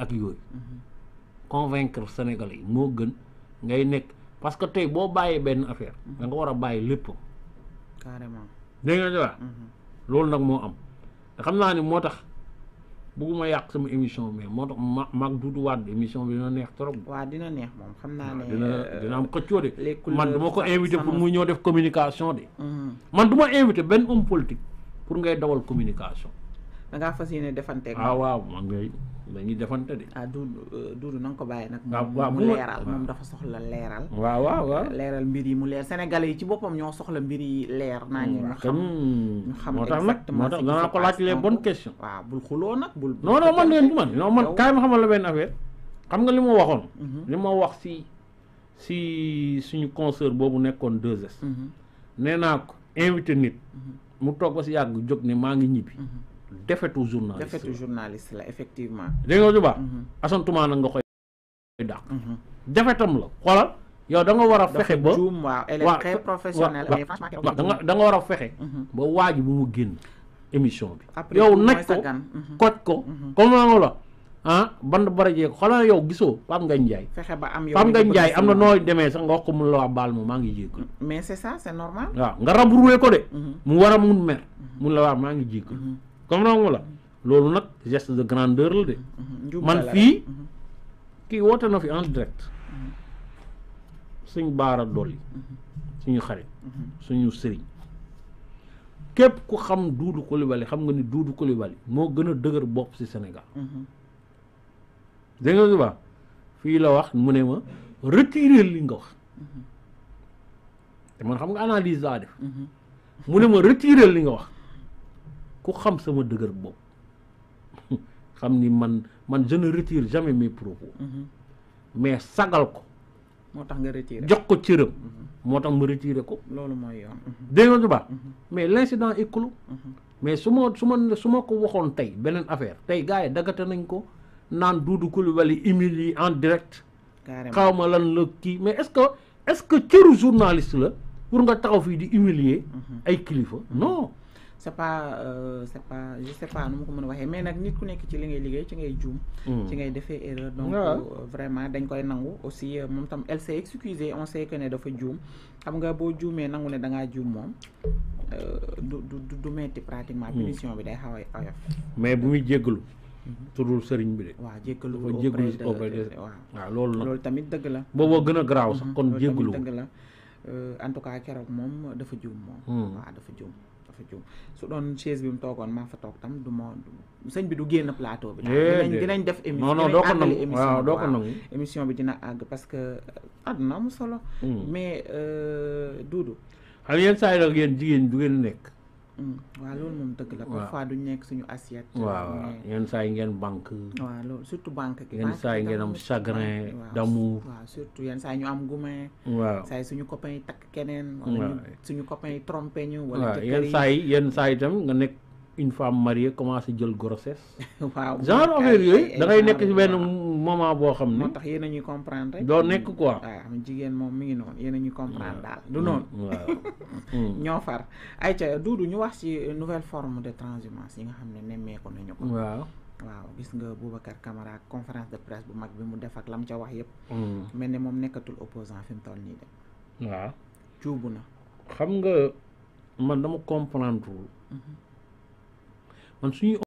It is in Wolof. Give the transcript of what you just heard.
ak yooyu convaincre Sénégalais yi moo gën ngay nekk parce que tey boo bàyyee benn affaire da nga war a bàyyi lépp carrément dégg mhm. loolu nag moo am te xam naa ni moo tax bëgguma yàq sama émission mais moo tax ma mag Doudou Wade émission bi dina neex trop. waaw dina moom xam naa ne dina euh, dina man du ma ko invité pour mu ñëw def communication de mhm. man du ma invité benn homme politique pour ngay dawal communication da ngaa fas yéene defanteeg. ah waaw man de dañuy defante de. ah du euh, ko bàyyi nag. Ah, waaw mu leeral moom dafa soxla leeral. waaw waaw waaw leeral mbir yi mu leer Sénégalais yi ci boppam ñoo soxla mbir yi leer. naa ñu xam ñu xam exactement moo tax danaa ko laaj les bonnes questions. waaw bul xuloo nag bul. non non man de man non man kaay ma xamal la benn affaire. xam nga li ma waxoon. Mhm. li ma wax si si suñu concert boobu nekkoon 2S. Mhm. nee naa ko invité nit. Mhm. mu toog ba si yàgg jóg ne maa ngi ñibbi. defetu journaliste la defetu journaliste la effectivement. dégg nga jubaa mhm. asantuma nag nga mhm. defetam la xoolal yow da war a fexe ba juum waaw elle est très war a fexe. Mhm. ba waaj bu mu génn émission bi. yow naj ko koj ko. comme nga la ah ban bara jeeg yow gisoo Pape Ngagne Ndiaye. fexe ba am yow Pape Ngagne Ndiaye am na nooy demee sax nga wax ko mun la wax baal ma maa ngi jéggal. Mm, mais c'est ça c'est waaw nga rabroué ko de. mu war a mun mer mun la wax maa ngi jéggal. comprendre nga la loolu nag geste de grandeur la de. man fii mhm. kii woote na fi en direct suñ baara dolli mhm. suñu xarit mhm. suñu sëriñ képp ku xam duudu Coulibaly xam nga ni duudu Coulibaly moo gën a dëgër bopp ci Sénégal. dégg nga fii la wax mu ne ma retirer li nga wax te man xam nga analyse laa def. mu ne ma retirer li nga wax. ku xam sama dëgër bopp xam ni man man je retire jamais mes propos mhm. mais sagal ko moo tax nga retiré jox ko cëram mhm. moo tax ma retiré ko loolu mooy yoon mhm. dégg mais l' incident est clos mais su ma su ma su ma ko waxoon tey beneen affaire tey gars yi dagate nañ ko naan Doudou Coulibaly humilié en direct xaw ma lan la kii mais est ce que est ce que cëru journaliste la pour nga taxaw fii di humilier ay kilifa non c'est pas euh, c'est pas je sais nu ma ko mën a waxee mais nag nit ku nekk ci li ngay liggéey ci ngay juum mm. ci ngay defee erreur donc vraiment dañ koy nangu aussi euh, moom tam elle s'est excusée que ne dafa juum xam nga boo juumee nangu ne da ngaa juum moom euh, du du du metti pratiquement mm. punition bi day xaw a mais bu muy jéggalu mm-hmm. turul sëriñ bi de. waaw jéggalu jéggalu auprès de waaw loolu loolu tamit dëgg la booboo gën a garaaw sax mm-hmm. kon jéggalu dëgg la en tout cas keroog moom dafa juum moom mm. waaw dafa juum dafa juum su doon chaise bi mu toogoon maa fa toog tam du ma sëñ bi du génn plateau bi dinañ def émission dinañ àggali émission bi bi dina àgg parce que euh, àdduna am solo hmm. mais euh, Doudou xam yenn saa yi nag yéen jigéen du ngeen nekk Mm. waaw loolu moom dëgg la. parfois du nekk suñu assiette. waaw yenn saa yi ngeen banque. waaw loolu surtout banque gi. saa yi ngeen am chagrin d'amour. waaw surtout yenn saa ñu am gumain. waaw saa yi suñu copain yi takk keneen. suñu copain yi trompé ñu. wala yenn saa yi yenn saa une femme mariée commencé jël grossesse. waaw genre affaire yooyu da ngay nekk ci benn moment boo xam ne. moo tax yéen a ñuy comprendre doo nekk ko waaw ah, jigéen moom mi ngi noonu yéen a ñuy comprendre daal du mm, noonu. Mm, mm. ñoo far ay ca duudu ñu wax ci nouvelle forme de transhumance yi nga xam ne nemmeeku nañu ko. waaw. waaw gis nga Boubacar Camara conférence de presse bu mag bi mu def ak lam ca wax yëpp. mel ni moom nekkatul opposant fi mu toll nii de. waaw cuubu man suñuy